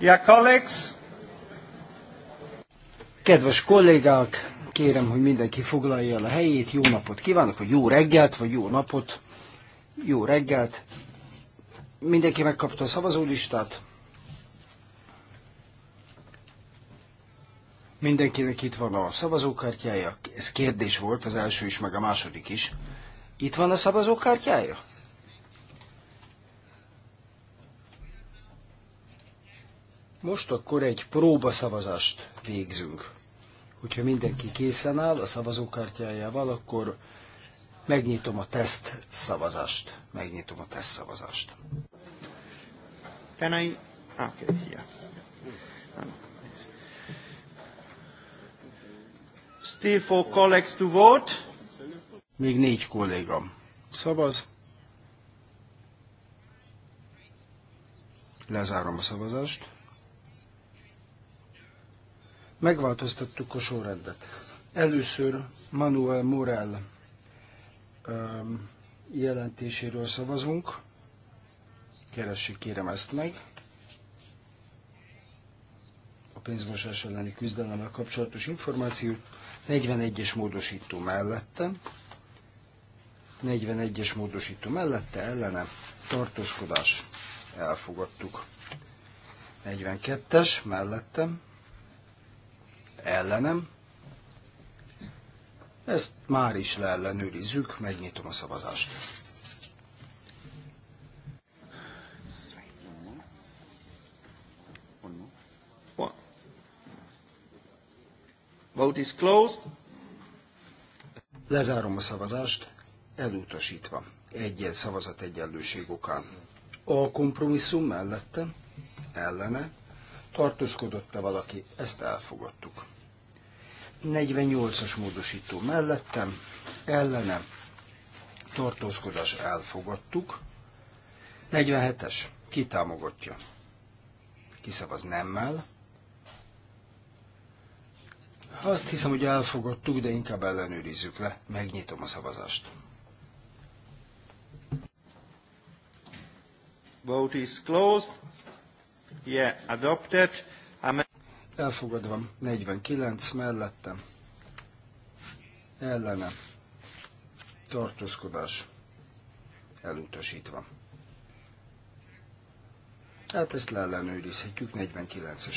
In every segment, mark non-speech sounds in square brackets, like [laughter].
Yeah, colleagues. Kedves kollégák, kérem, hogy mindenki foglalja el a helyét. Jó napot kívánok, vagy jó reggelt, vagy jó napot. Jó reggelt. Mindenki megkapta a szavazólistát. Mindenkinek itt van a szavazókártyája. Ez kérdés volt, az első is, meg a második is. Itt van a szavazókártyája? Most akkor egy próbaszavazást végzünk. Hogyha mindenki készen áll a szavazókártyájával, akkor megnyitom a teszt szavazást. Megnyitom a teszt szavazást. Tenai, ah, Okay, here. Still for colleagues to vote. Még négy kollégam szavaz. Lezárom a szavazást. Megváltoztattuk a sorrendet. Először Manuel Morel um, jelentéséről szavazunk. Keressük kérem ezt meg. A pénzmosás elleni küzdelemmel kapcsolatos információ 41-es módosító mellette. 41-es módosító mellette ellene tartózkodás elfogadtuk. 42-es mellettem ellenem. Ezt már is leellenőrizzük, megnyitom a szavazást. Vote is closed. Lezárom a szavazást, elutasítva. Egyet szavazat egyenlőség okán. A kompromisszum mellette, ellene, tartózkodott-e valaki, ezt elfogadtuk. 48-as módosító mellettem, ellenem, tartózkodás elfogadtuk. 47-es, ki támogatja? Kiszavaz nemmel. Azt hiszem, hogy elfogadtuk, de inkább ellenőrizzük le. Megnyitom a szavazást. Vote is closed. Yeah, adopted elfogadva 49 mellettem, ellenem, tartózkodás elutasítva. Hát ezt leellenőrizhetjük, 49-es.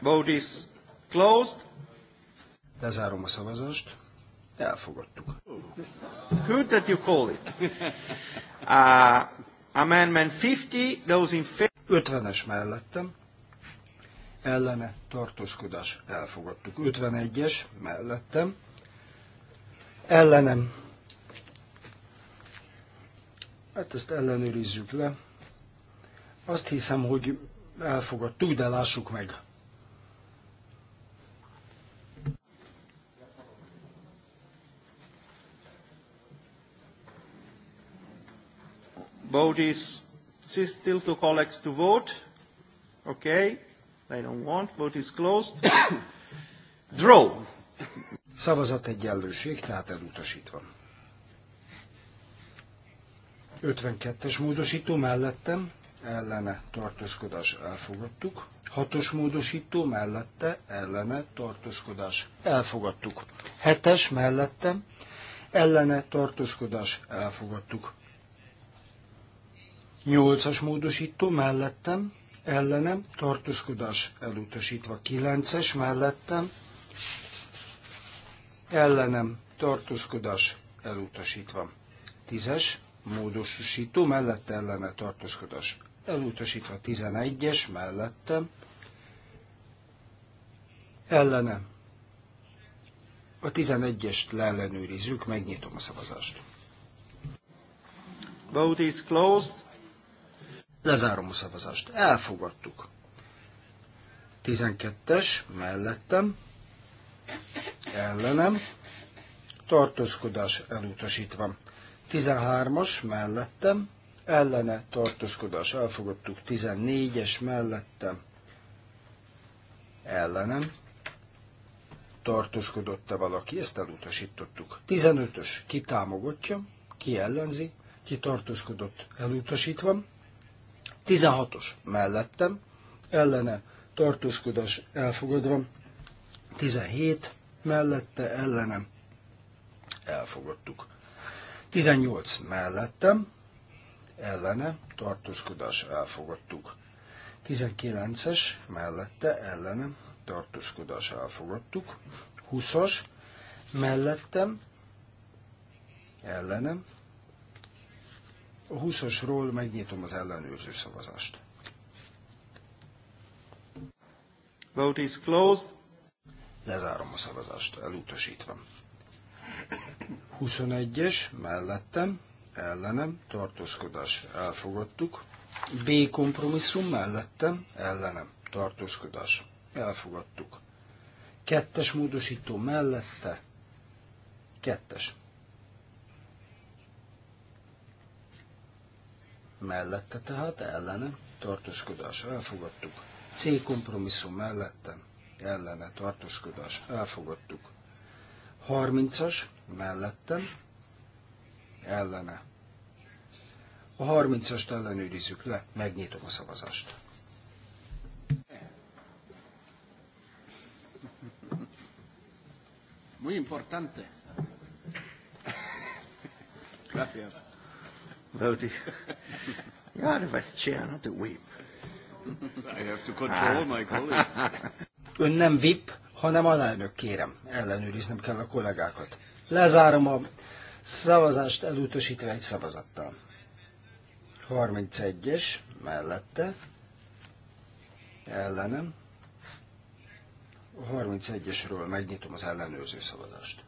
Vote is closed. Lezárom a szavazást. Elfogadtuk. Good that you call it. 50, uh, 50-es mellettem, ellene tartózkodás elfogadtuk. 51-es mellettem, ellenem. Hát ezt ellenőrizzük le. Azt hiszem, hogy elfogadtuk, de lássuk meg. Vote is still to colleagues to vote. Okay. They don't want. Vote is closed. [coughs] Draw. Szavazat egyenlőség, tehát elutasítva. 52-es módosító mellettem, ellene tartózkodás elfogadtuk. 6-os módosító mellette, ellene tartózkodás elfogadtuk. 7-es mellettem, ellene tartózkodás elfogadtuk. 8-as módosító mellettem, ellenem, tartózkodás elutasítva. 9-es mellettem, ellenem, tartózkodás elutasítva. 10-es módosító mellette ellene tartózkodás elutasítva. 11-es mellettem, ellenem. A 11-est leellenőrizzük, megnyitom a szavazást. Vote is closed. Lezárom a szavazást. Elfogadtuk. 12-es mellettem, ellenem, tartózkodás elutasítva. 13-as mellettem, ellene tartózkodás elfogadtuk. 14-es mellettem, ellenem, tartózkodott-e valaki, ezt elutasítottuk. 15-ös ki támogatja, ki ellenzi, ki tartózkodott elutasítva. 16-os mellettem, ellene tartózkodás elfogadva, 17 mellette ellenem elfogadtuk. 18 mellettem, ellene tartózkodás elfogadtuk. 19-es mellette ellenem tartózkodás elfogadtuk. 20-as mellettem ellenem a 20-asról megnyitom az ellenőrző szavazást. Vote is closed. Lezárom a szavazást, elutasítva. 21-es, mellettem, ellenem, tartózkodás, elfogadtuk. B kompromisszum, mellettem, ellenem, tartózkodás, elfogadtuk. Kettes módosító mellette, kettes mellette tehát ellene tartózkodás elfogadtuk. C kompromisszum mellette ellene tartózkodás elfogadtuk. 30-as mellette, ellene. A 30-ast ellenőrizzük le, megnyitom a szavazást. Muy importante. Gracias. Voting. [laughs] Jár chair, not the whip. I have to control my colleagues. [laughs] Ön nem VIP, hanem alelnök, kérem. Ellenőriznem kell a kollégákat. Lezárom a szavazást elutasítva egy szavazattal. 31-es mellette, ellenem. A 31-esről megnyitom az ellenőrző szavazást.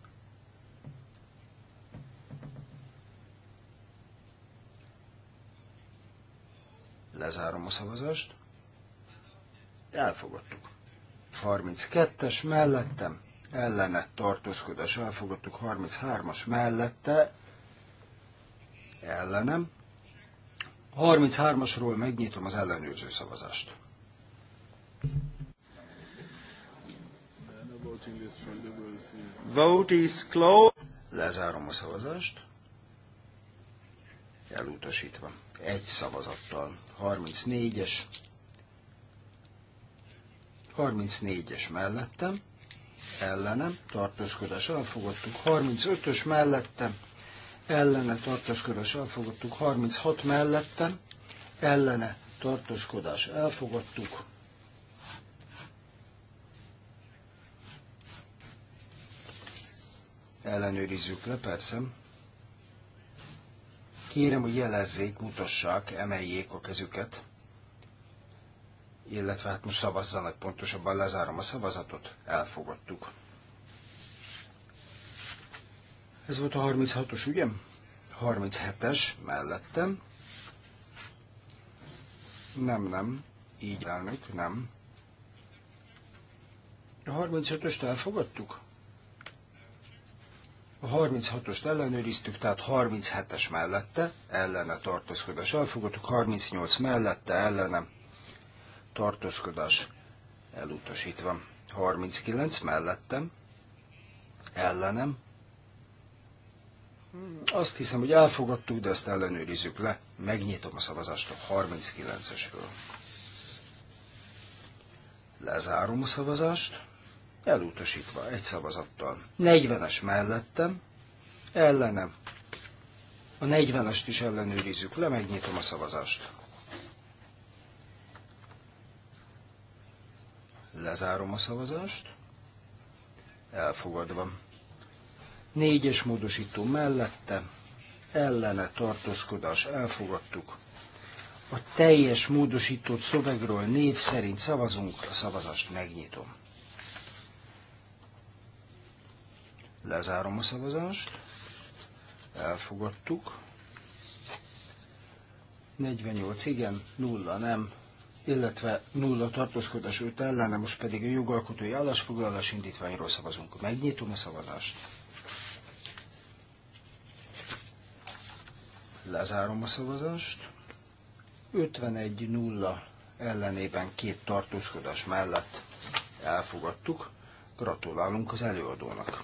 Lezárom a szavazást. Elfogadtuk. 32-es mellettem ellene tartózkodás elfogadtuk, 33-as mellette ellenem. 33-asról megnyitom az ellenőrző szavazást. Vote is closed. Lezárom a szavazást. Elutasítva egy szavazattal. 34-es. 34-es mellettem, ellenem, tartózkodás elfogadtuk. 35-ös mellettem, ellene tartózkodás elfogadtuk. 36 mellettem, ellene tartózkodás elfogadtuk. Ellenőrizzük le, persze. Kérem, hogy jelezzék, mutassák, emeljék a kezüket. Illetve hát most szavazzanak, pontosabban lezárom a szavazatot. Elfogadtuk. Ez volt a 36-os, ugye? 37-es mellettem. Nem, nem. Így elnök, nem. A 36 öst elfogadtuk? A 36-ost ellenőriztük, tehát 37-es mellette, ellene tartózkodás elfogadtuk, 38 mellette, ellene tartózkodás elutasítva. 39 mellettem, ellenem. Azt hiszem, hogy elfogadtuk, de ezt ellenőrizzük le. Megnyitom a szavazást a 39-esről. Lezárom a szavazást elutasítva egy szavazattal. 40-es mellettem, ellenem. A 40-est is ellenőrizzük le, megnyitom a szavazást. Lezárom a szavazást. Elfogadva. Négyes módosító mellette, ellene tartózkodás elfogadtuk. A teljes módosított szövegről név szerint szavazunk, a szavazást megnyitom. Lezárom a szavazást. Elfogadtuk. 48 igen, 0 nem, illetve 0 tartózkodás őt ellene, most pedig a jogalkotói állásfoglalás indítványról szavazunk. Megnyitom a szavazást. Lezárom a szavazást. 51-0 ellenében két tartózkodás mellett elfogadtuk. Gratulálunk az előadónak!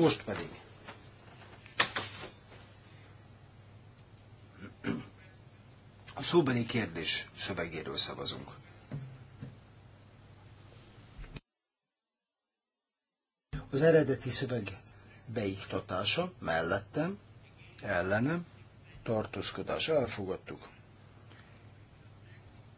Most pedig. A szóbeli kérdés szövegéről szavazunk. Az eredeti szöveg beiktatása mellettem, ellenem, tartózkodás elfogadtuk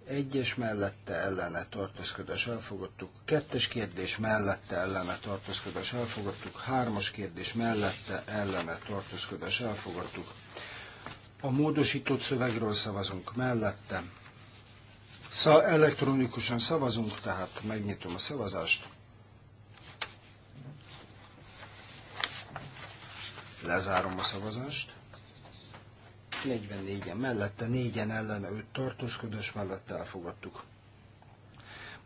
egyes mellette ellene tartózkodás elfogadtuk, kettes kérdés mellette ellene tartózkodás elfogadtuk, hármas kérdés mellette ellene tartózkodás elfogadtuk. A módosított szövegről szavazunk mellette. Szóval elektronikusan szavazunk, tehát megnyitom a szavazást. Lezárom a szavazást. 44-en mellette, 4-en ellene, 5 tartózkodás mellette elfogadtuk.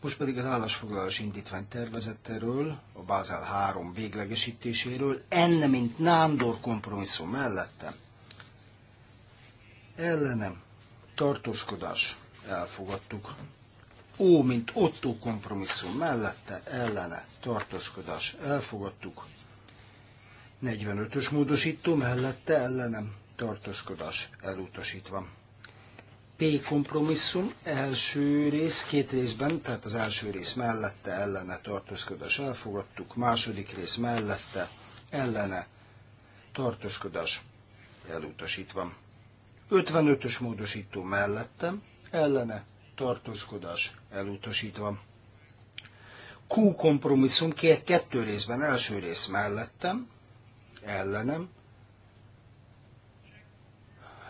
Most pedig az állásfoglalás indítvány tervezetéről, a Bázel 3 véglegesítéséről, enne, mint Nándor kompromisszum mellette. Ellenem, tartózkodás, elfogadtuk. Ó, mint Otto kompromisszum mellette, ellene, tartózkodás, elfogadtuk. 45-ös módosító mellette ellenem tartózkodás elutasítva. P kompromisszum első rész, két részben, tehát az első rész mellette ellene tartózkodás elfogadtuk, második rész mellette ellene tartózkodás elutasítva. 55-ös módosító mellette ellene tartózkodás elutasítva. Q kompromisszum két, kettő részben, első rész mellettem, ellenem,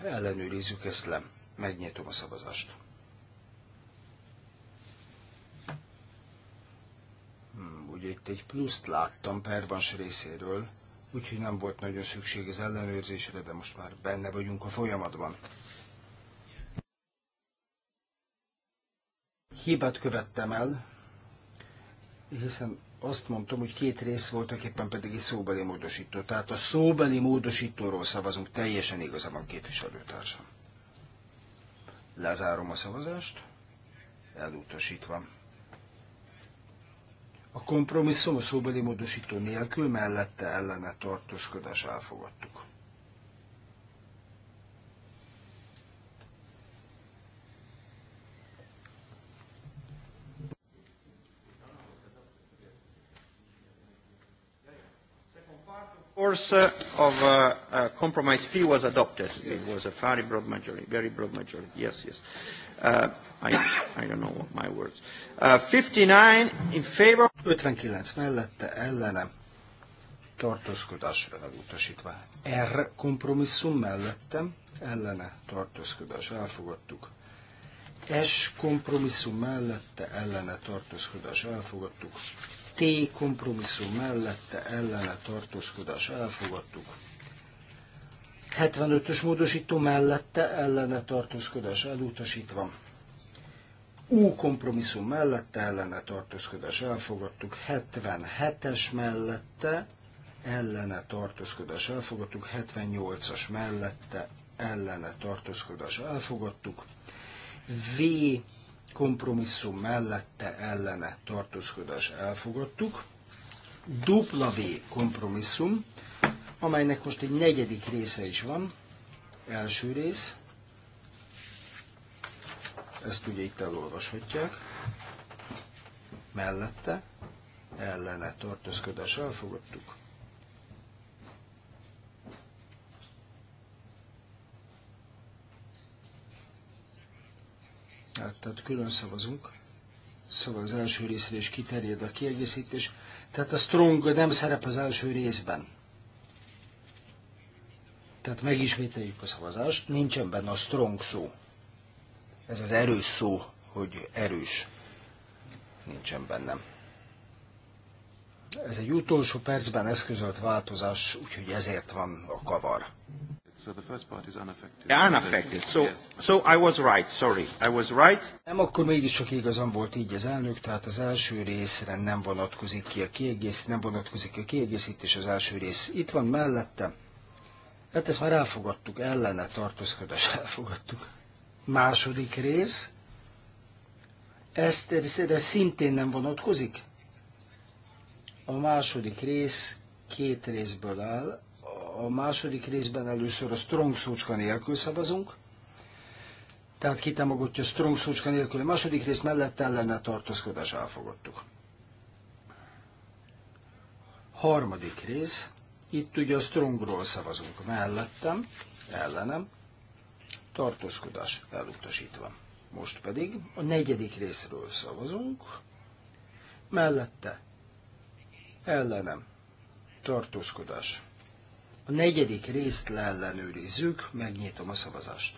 ellenőrizzük ezt le. Megnyitom a szavazást. Hmm, ugye itt egy pluszt láttam pervans részéről, úgyhogy nem volt nagyon szükség az ellenőrzésre, de most már benne vagyunk a folyamatban. Hibát követtem el, hiszen azt mondtam, hogy két rész voltak, éppen pedig egy szóbeli módosító. Tehát a szóbeli módosítóról szavazunk, teljesen igaza képviselőtársam. Lezárom a szavazást, elutasítva. A kompromisszum a szóbeli módosító nélkül mellette ellene tartózkodás elfogadtuk. course uh, of uh, uh, compromise fee was adopted. Yes. It was a very broad majority, very broad majority. Yes, yes. Uh, I, I don't know what my words. Uh, 59 in favor. 59 mellette ellene tartózkodásra elutasítva. R kompromisszum mellettem ellene tartózkodás elfogadtuk. S kompromisszum mellette ellene tartózkodás elfogadtuk. T kompromisszum mellette ellene tartózkodás elfogadtuk. 75-ös módosító mellette ellene tartózkodás elutasítva. U kompromisszum mellette ellene tartózkodás elfogadtuk, 77-es mellette ellene tartózkodás elfogadtuk, 78-as mellette ellene tartózkodás elfogadtuk. V kompromisszum mellette ellene tartózkodás elfogadtuk. W kompromisszum, amelynek most egy negyedik része is van. Első rész, ezt ugye itt elolvashatják, mellette ellene tartózkodás elfogadtuk. Hát, tehát külön szavazunk. Szóval az első részre is kiterjed a kiegészítés. Tehát a strong nem szerep az első részben. Tehát megismételjük a szavazást, nincsen benne a strong szó. Ez az erős szó, hogy erős. Nincsen bennem. Ez egy utolsó percben eszközölt változás, úgyhogy ezért van a kavar. So the first part is unaffected. Yeah, unaffected. So, yes. so I was right, sorry. I was right. Nem, akkor csak igazam volt így az elnök, tehát az első részre nem vonatkozik ki a kiegész, nem vonatkozik a kiegészítés az első rész. Itt van mellette. Hát ezt már elfogadtuk, ellene tartózkodás [laughs] elfogadtuk. Második rész. Ezt erre szintén nem vonatkozik? A második rész két részből áll, a második részben először a strong szócska nélkül szavazunk. Tehát kitámogatja a strong szócska nélkül a második rész mellett ellene tartózkodás elfogadtuk. Harmadik rész, itt ugye a strongról szavazunk mellettem, ellenem, tartózkodás elutasítva. Most pedig a negyedik részről szavazunk, mellette, ellenem, tartózkodás a negyedik részt leellenőrizzük, megnyitom a szavazást.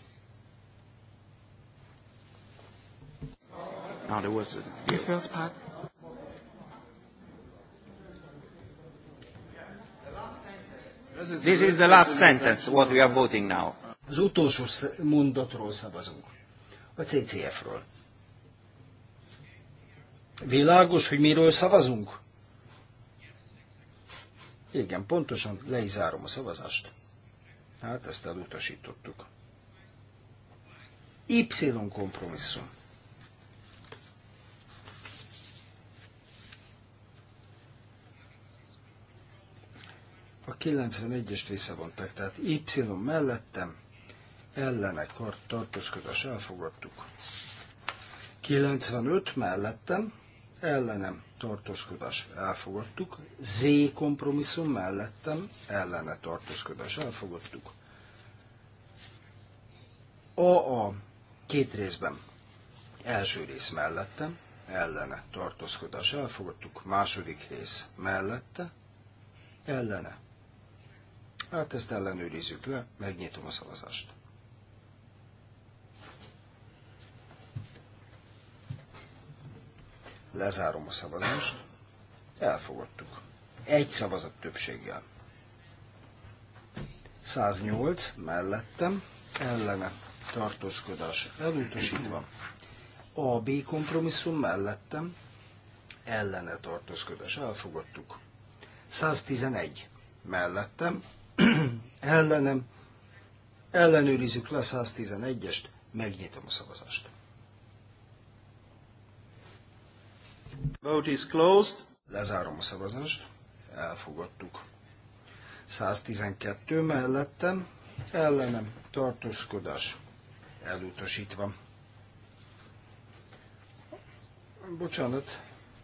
Now there was a, This is the last sentence, what we are voting now. Az utolsó mondatról szavazunk. A CCF-ről. Világos, hogy miről szavazunk? Igen, pontosan, le is zárom a szavazást. Hát ezt elutasítottuk. Y kompromisszum. A 91-est visszavonták, tehát Y mellettem ellene tartózkodás elfogadtuk. 95 mellettem ellenem tartózkodás elfogadtuk, Z kompromisszum mellettem ellene tartózkodás elfogadtuk. a két részben. Első rész mellettem, ellene tartózkodás elfogadtuk, második rész mellette, ellene. Hát ezt ellenőrizzük le, megnyitom a szavazást. Lezárom a szavazást. Elfogadtuk. Egy szavazat többséggel. 108 mellettem, ellene tartózkodás elutasítva. A B kompromisszum mellettem, ellene tartózkodás elfogadtuk. 111 mellettem, [clears throat] ellenem, ellenőrizzük le 111-est, megnyitom a szavazást. Vote is closed. Lezárom a szavazást. Elfogadtuk. 112 mellettem, ellenem tartózkodás elutasítva. Bocsánat,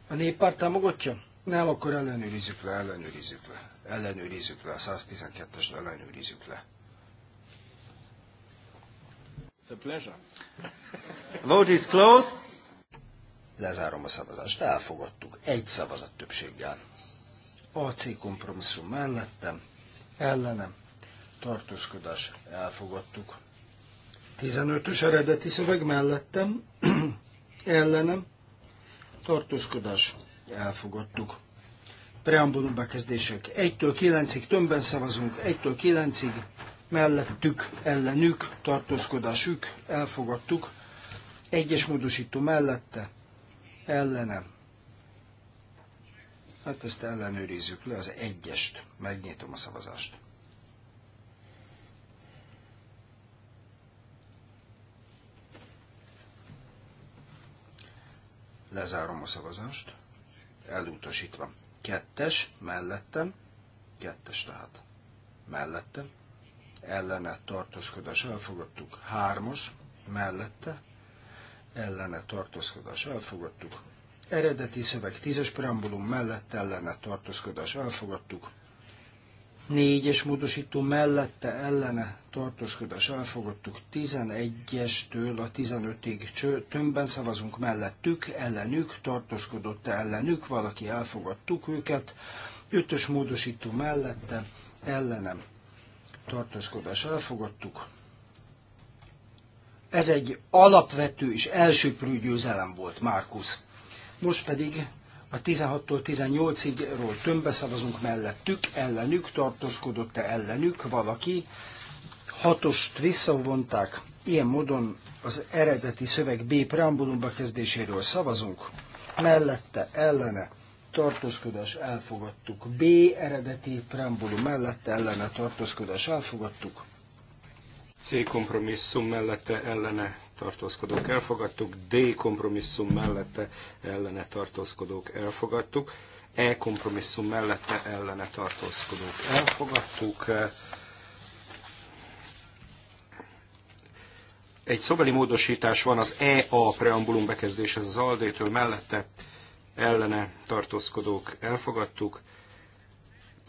a néppárt támogatja? Nem, akkor ellenőrizzük le, ellenőrizzük le, ellenőrizzük le, a 112-est ellenőrizzük le. It's a pleasure. Vote is closed. Lezárom a szavazást. Elfogadtuk. Egy szavazat többséggel. AC kompromisszum mellettem, ellenem, tartózkodás, elfogadtuk. 15-ös eredeti szöveg mellettem, [clears throat] ellenem, tartózkodás, elfogadtuk. Preambulum bekezdések 1-től 9-ig tömbben szavazunk, 1-től 9-ig mellettük, ellenük, tartózkodásuk, elfogadtuk. Egyes módosító mellette, ellenem. Hát ezt ellenőrizzük le, az egyest. Megnyitom a szavazást. Lezárom a szavazást. Elutasítva. Kettes, mellettem. Kettes tehát. Mellettem. Ellene tartózkodás elfogadtuk. Hármos mellette ellene tartózkodás elfogadtuk. Eredeti szöveg tízes preambulum mellett ellene tartózkodás elfogadtuk. négyes módosító mellette ellene tartózkodás elfogadtuk. 11-estől a 15-ig tömbben szavazunk mellettük, ellenük, tartózkodott ellenük, valaki elfogadtuk őket. ötös módosító mellette ellenem tartózkodás elfogadtuk. Ez egy alapvető és elsőprő győzelem volt, Márkusz. Most pedig a 16-tól 18 igról tömbbe szavazunk mellettük, ellenük, tartózkodott-e ellenük valaki, hatost visszavonták, ilyen módon az eredeti szöveg B preambulumba kezdéséről szavazunk, mellette, ellene, tartózkodás elfogadtuk. B eredeti preambulum mellette, ellene, tartózkodás elfogadtuk. C kompromisszum mellette ellene tartózkodók elfogadtuk, D kompromisszum mellette ellene tartózkodók elfogadtuk, E kompromisszum mellette ellene tartózkodók elfogadtuk. Egy szobeli módosítás van az EA preambulum bekezdéshez az aldétől mellette ellene tartózkodók elfogadtuk,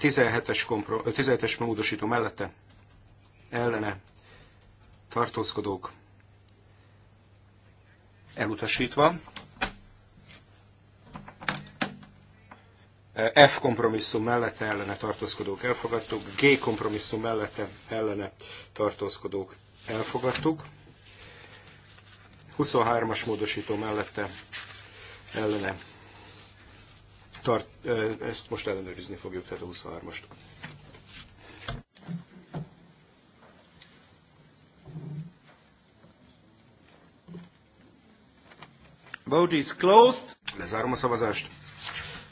17-es, kompro- 17-es módosító mellette ellene tartózkodók elutasítva. F kompromisszum mellette ellene tartózkodók elfogadtuk, G kompromisszum mellette ellene tartózkodók elfogadtuk, 23-as módosító mellette ellene tart, ezt most ellenőrizni fogjuk, tehát a 23-ast. Vote is closed. Lezárom a szavazást.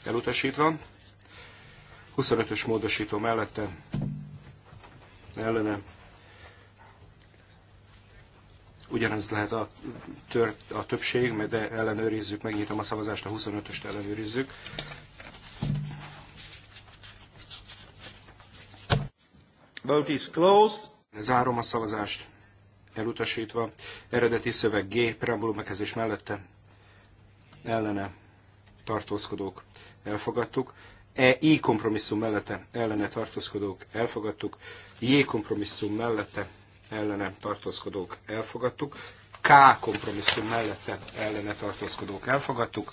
Elutasítva. 25-ös módosító mellette. Ellene. Ugyanez lehet a, tört, a többség, de ellenőrizzük, megnyitom a szavazást, a 25-öst ellenőrizzük. Vote is closed. Zárom a szavazást, elutasítva. Eredeti szöveg G, preambulum megkezdés mellette ellene tartózkodók elfogadtuk, e I kompromisszum mellette ellene tartózkodók elfogadtuk, J kompromisszum mellette ellene tartózkodók elfogadtuk, K kompromisszum mellette ellene tartózkodók elfogadtuk,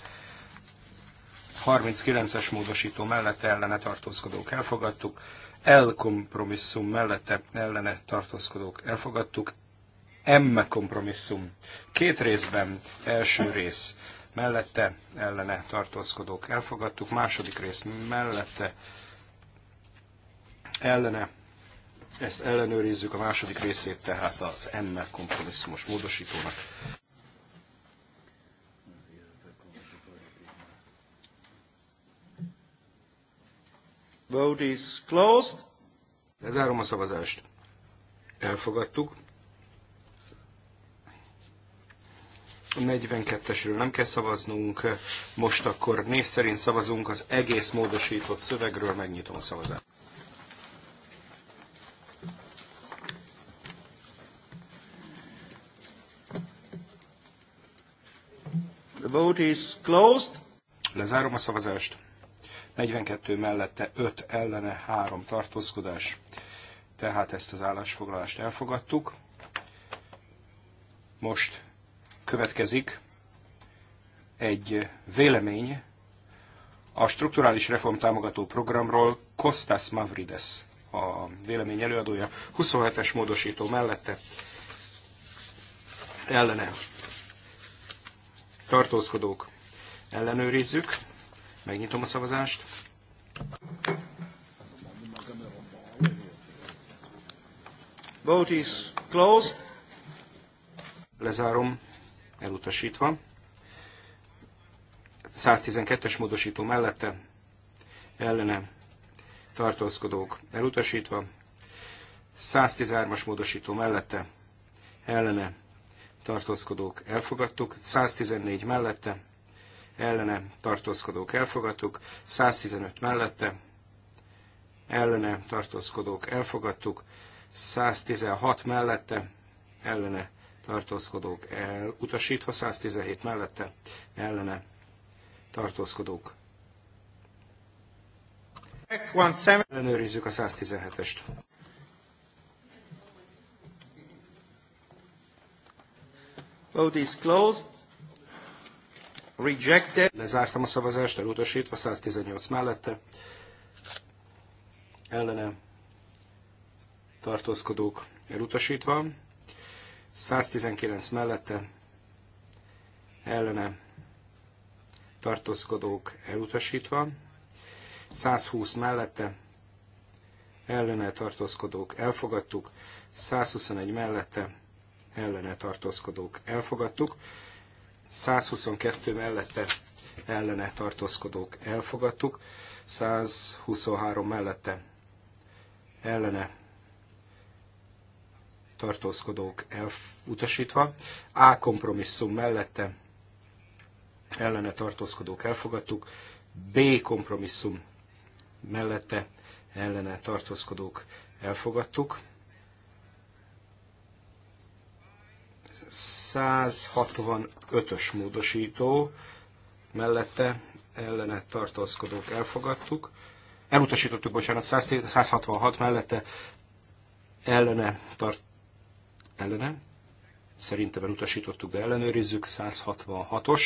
39-es módosító mellette ellene tartózkodók elfogadtuk, L kompromisszum mellette ellene tartózkodók elfogadtuk, M kompromisszum. Két részben, első rész mellette ellene tartózkodók elfogadtuk, második rész mellette ellene, ezt ellenőrizzük a második részét, tehát az ennek kompromisszumos módosítónak. Vote is closed. Lezárom a szavazást. Elfogadtuk. 42-esről nem kell szavaznunk, most akkor név szerint szavazunk az egész módosított szövegről, megnyitom a szavazást. The vote is closed. Lezárom a szavazást. 42 mellette 5 ellene 3 tartózkodás. Tehát ezt az állásfoglalást elfogadtuk. Most következik egy vélemény a strukturális reform támogató programról Kostas Mavrides a vélemény előadója. 27-es módosító mellette ellene tartózkodók ellenőrizzük. Megnyitom a szavazást. Vote is closed. Lezárom elutasítva. 112-es módosító mellette ellene tartózkodók elutasítva, 113-as módosító mellette ellene tartózkodók elfogadtuk, 114 mellette ellene tartózkodók elfogadtuk, 115 mellette ellene tartózkodók elfogadtuk, 116 mellette ellene tartózkodók elutasítva, 117 mellette ellene tartózkodók. Ellenőrizzük a 117-est. Vote is closed. Rejected. Lezártam a szavazást, elutasítva 118 mellette. Ellene tartózkodók elutasítva. 119 mellette ellene tartózkodók elutasítva, 120 mellette ellene tartózkodók elfogadtuk, 121 mellette ellene tartózkodók elfogadtuk, 122 mellette ellene tartózkodók elfogadtuk, 123 mellette ellene tartózkodók elutasítva, A kompromisszum mellette ellene tartózkodók elfogadtuk, B kompromisszum mellette ellene tartózkodók elfogadtuk. 165-ös módosító mellette ellene tartózkodók elfogadtuk. Elutasítottuk, bocsánat, 166 mellette ellene tart, ellene. Szerintem elutasítottuk, de ellenőrizzük. 166-os.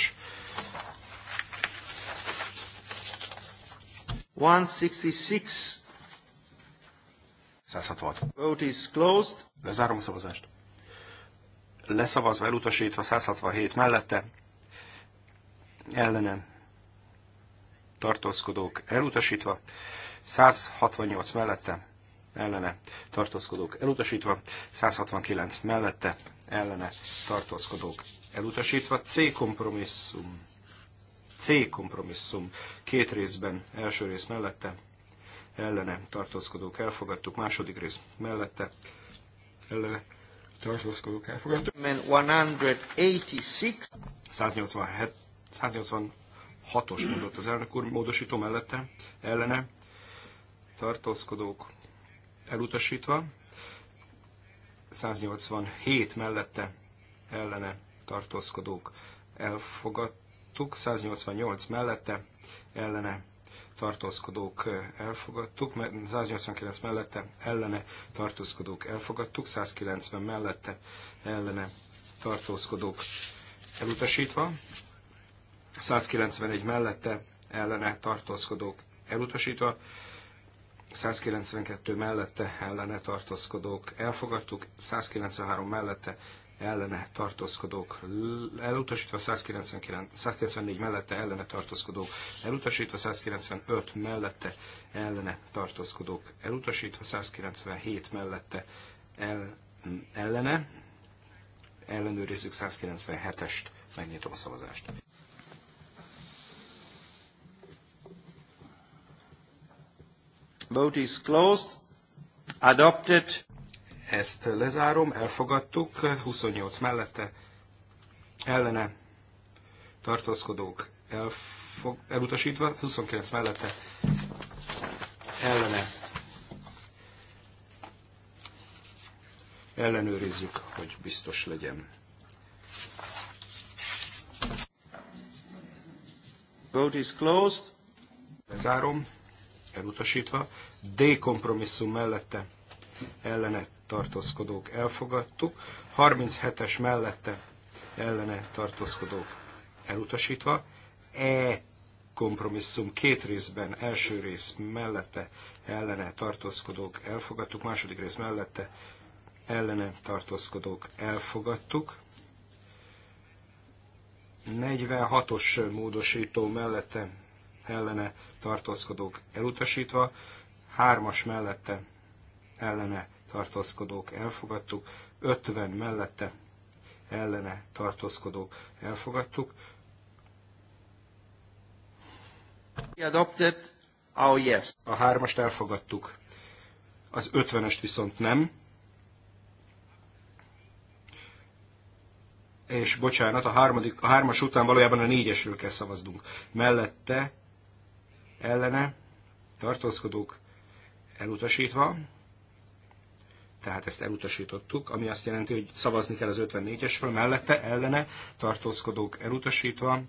166. 166. Vote is closed. Lezárom a szavazást. Leszavazva, elutasítva 167 mellette, ellene tartózkodók elutasítva, 168 mellette, ellene tartózkodók elutasítva, 169 mellette ellene tartózkodók elutasítva, C kompromisszum, C kompromisszum két részben, első rész mellette ellene tartózkodók elfogadtuk, második rész mellette ellene tartózkodók elfogadtuk. 186. 187, 186-os mondott az elnök úr, módosító mellette ellene tartózkodók elutasítva, 187 mellette ellene tartózkodók elfogadtuk, 188 mellette ellene tartózkodók elfogadtuk, 189 mellette ellene tartózkodók elfogadtuk, 190 mellette ellene tartózkodók elutasítva, 191 mellette ellene tartózkodók elutasítva, 192 mellette ellene tartózkodók elfogadtuk, 193 mellette ellene tartózkodók elutasítva, 199, 194 mellette ellene tartózkodók elutasítva, 195 mellette ellene tartózkodók elutasítva, 197 mellette el, ellene, ellenőrizzük 197-est, megnyitom a szavazást. Vote is closed. Adopted. Ezt lezárom, elfogadtuk, 28 mellette, ellene, tartózkodók, elfog, elutasítva, 29 mellette, ellene, ellenőrizzük, hogy biztos legyen. Vote is closed. Lezárom elutasítva, D kompromisszum mellette ellene tartózkodók elfogadtuk, 37-es mellette ellene tartózkodók elutasítva, E kompromisszum két részben, első rész mellette ellene tartózkodók elfogadtuk, második rész mellette ellene tartózkodók elfogadtuk. 46-os módosító mellette ellene tartózkodók elutasítva, hármas mellette ellene tartózkodók elfogadtuk, 50 mellette ellene tartózkodók elfogadtuk. Adopted, oh yes. A hármast elfogadtuk, az ötvenest viszont nem. És bocsánat, a, harmadik, a hármas után valójában a négyesről kell szavaznunk. Mellette ellene, tartózkodók elutasítva, tehát ezt elutasítottuk, ami azt jelenti, hogy szavazni kell az 54-esről, mellette, ellene, tartózkodók elutasítva,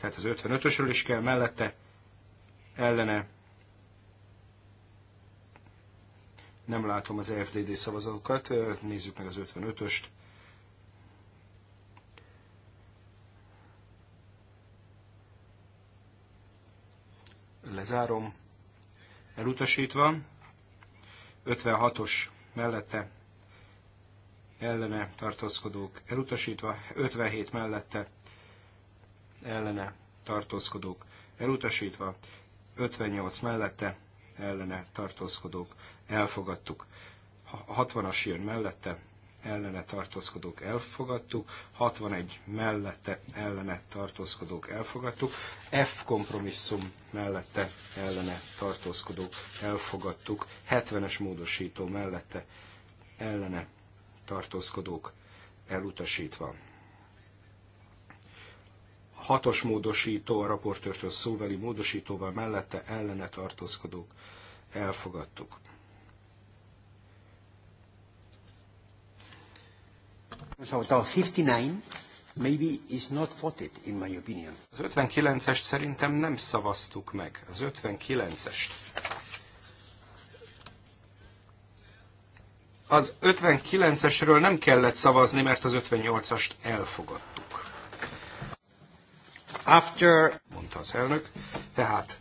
tehát az 55-ösről is kell, mellette, ellene, nem látom az EFDD szavazókat, nézzük meg az 55-öst, lezárom, elutasítva, 56-os mellette ellene tartózkodók elutasítva, 57 mellette ellene tartózkodók elutasítva, 58 mellette ellene tartózkodók elfogadtuk. 60-as jön mellette ellene tartózkodók elfogadtuk, 61 mellette ellene tartózkodók elfogadtuk, F kompromisszum mellette ellene tartózkodók elfogadtuk, 70-es módosító mellette ellene tartózkodók elutasítva. Hatos módosító a raportőrtől szóveli módosítóval mellette ellene tartózkodók elfogadtuk. Az 59-est szerintem nem szavaztuk meg. Az 59-est. Az 59-esről nem kellett szavazni, mert az 58-ast elfogadtuk. After... mondta az elnök. Tehát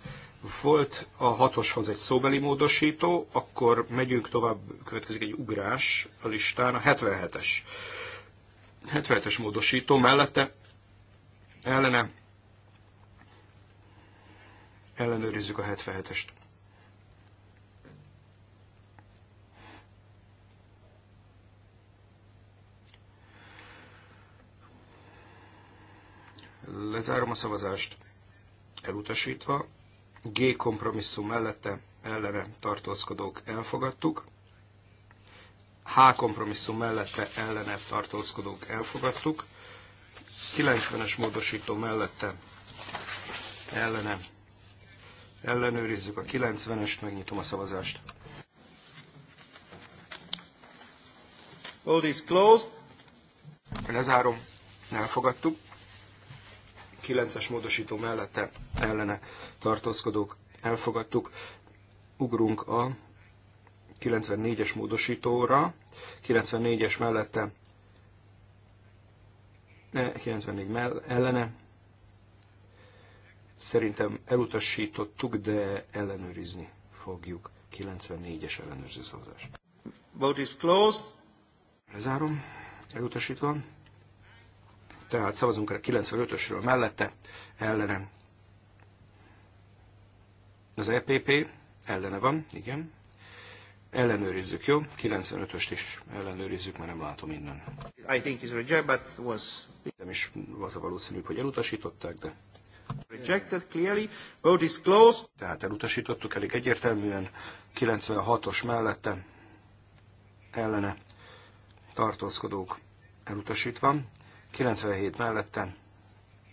volt a hatoshoz egy szóbeli módosító, akkor megyünk tovább, következik egy ugrás a listán, a 77-es 77-es módosító mellette ellene ellenőrizzük a 77-est. Lezárom a szavazást elutasítva. G kompromisszum mellette ellene tartózkodók elfogadtuk. H kompromisszum mellette ellene tartózkodók elfogadtuk. 90-es módosító mellette ellene ellenőrizzük a 90-est, megnyitom a szavazást. Vote is closed. Lezárom. Elfogadtuk. 9-es módosító mellette ellene tartózkodók elfogadtuk. Ugrunk a 94-es módosítóra, 94-es mellette, 94 mell ellene. Szerintem elutasítottuk, de ellenőrizni fogjuk. 94-es ellenőrző szavazás. Vote is closed. Lezárom, elutasítva. Tehát szavazunk a 95-ösről mellette, ellene. Az EPP ellene van, igen. Ellenőrizzük, jó? 95-öst is ellenőrizzük, mert nem látom innen. I think it's rejected, but was... Nem is az a valószínű, hogy elutasították, de... Rejected, clearly. Vote is closed. Tehát elutasítottuk elég egyértelműen. 96-os mellette ellene tartózkodók elutasítva. 97 mellette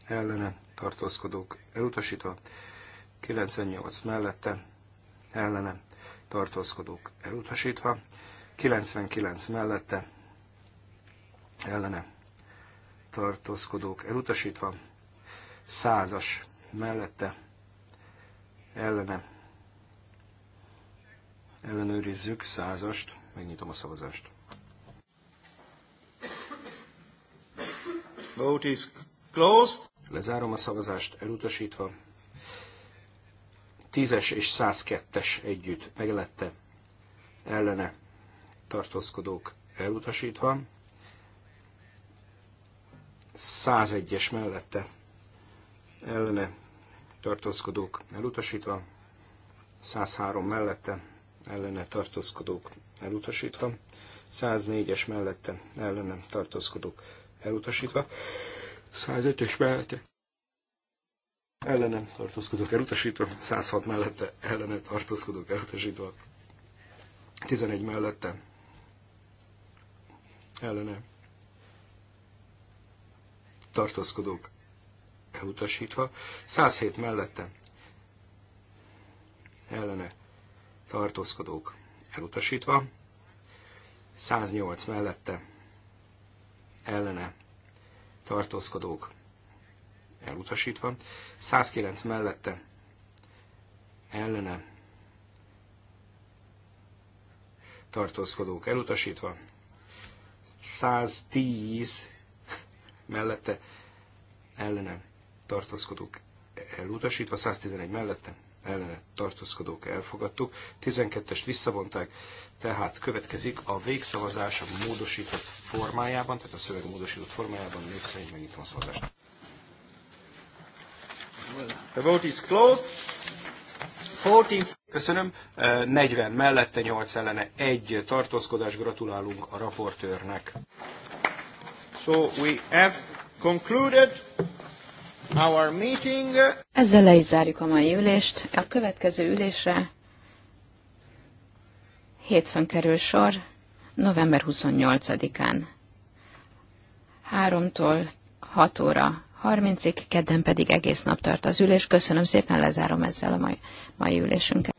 ellene tartózkodók elutasítva. 98 mellette ellene tartózkodók elutasítva, 99 mellette ellene tartózkodók elutasítva, 100-as mellette ellene ellenőrizzük, 100-ast, megnyitom a szavazást. Vote is closed. Lezárom a szavazást, elutasítva. 10-es és 102-es együtt meglette ellene tartózkodók elutasítva, 101-es mellette ellene tartózkodók elutasítva, 103 mellette ellene tartózkodók elutasítva, 104-es mellette ellene tartózkodók elutasítva, 105 es mellette ellene tartózkodók elutasítva, 106 mellette ellene tartózkodók elutasítva, 11 mellette ellene tartózkodók elutasítva, 107 mellette ellene tartózkodók elutasítva, 108 mellette ellene tartózkodók elutasítva, 109 mellette ellene tartózkodók elutasítva, 110 mellette ellene tartózkodók elutasítva, 111 mellette ellene tartózkodók elfogadtuk, 12-est visszavonták, tehát következik a végszavazás a módosított formájában, tehát a szöveg módosított formájában név szerint megnyitom a szavazást. The vote is closed. 14... Köszönöm. 40 eh, mellette, 8 ellene, 1 tartózkodás. Gratulálunk a raportőrnek. So we have concluded our meeting. Ezzel le is zárjuk a mai ülést. A következő ülésre hétfőn kerül sor, november 28-án. 3-tól 6 óra 30-ig, kedden pedig egész nap tart az ülés. Köszönöm szépen, lezárom ezzel a mai, mai ülésünket.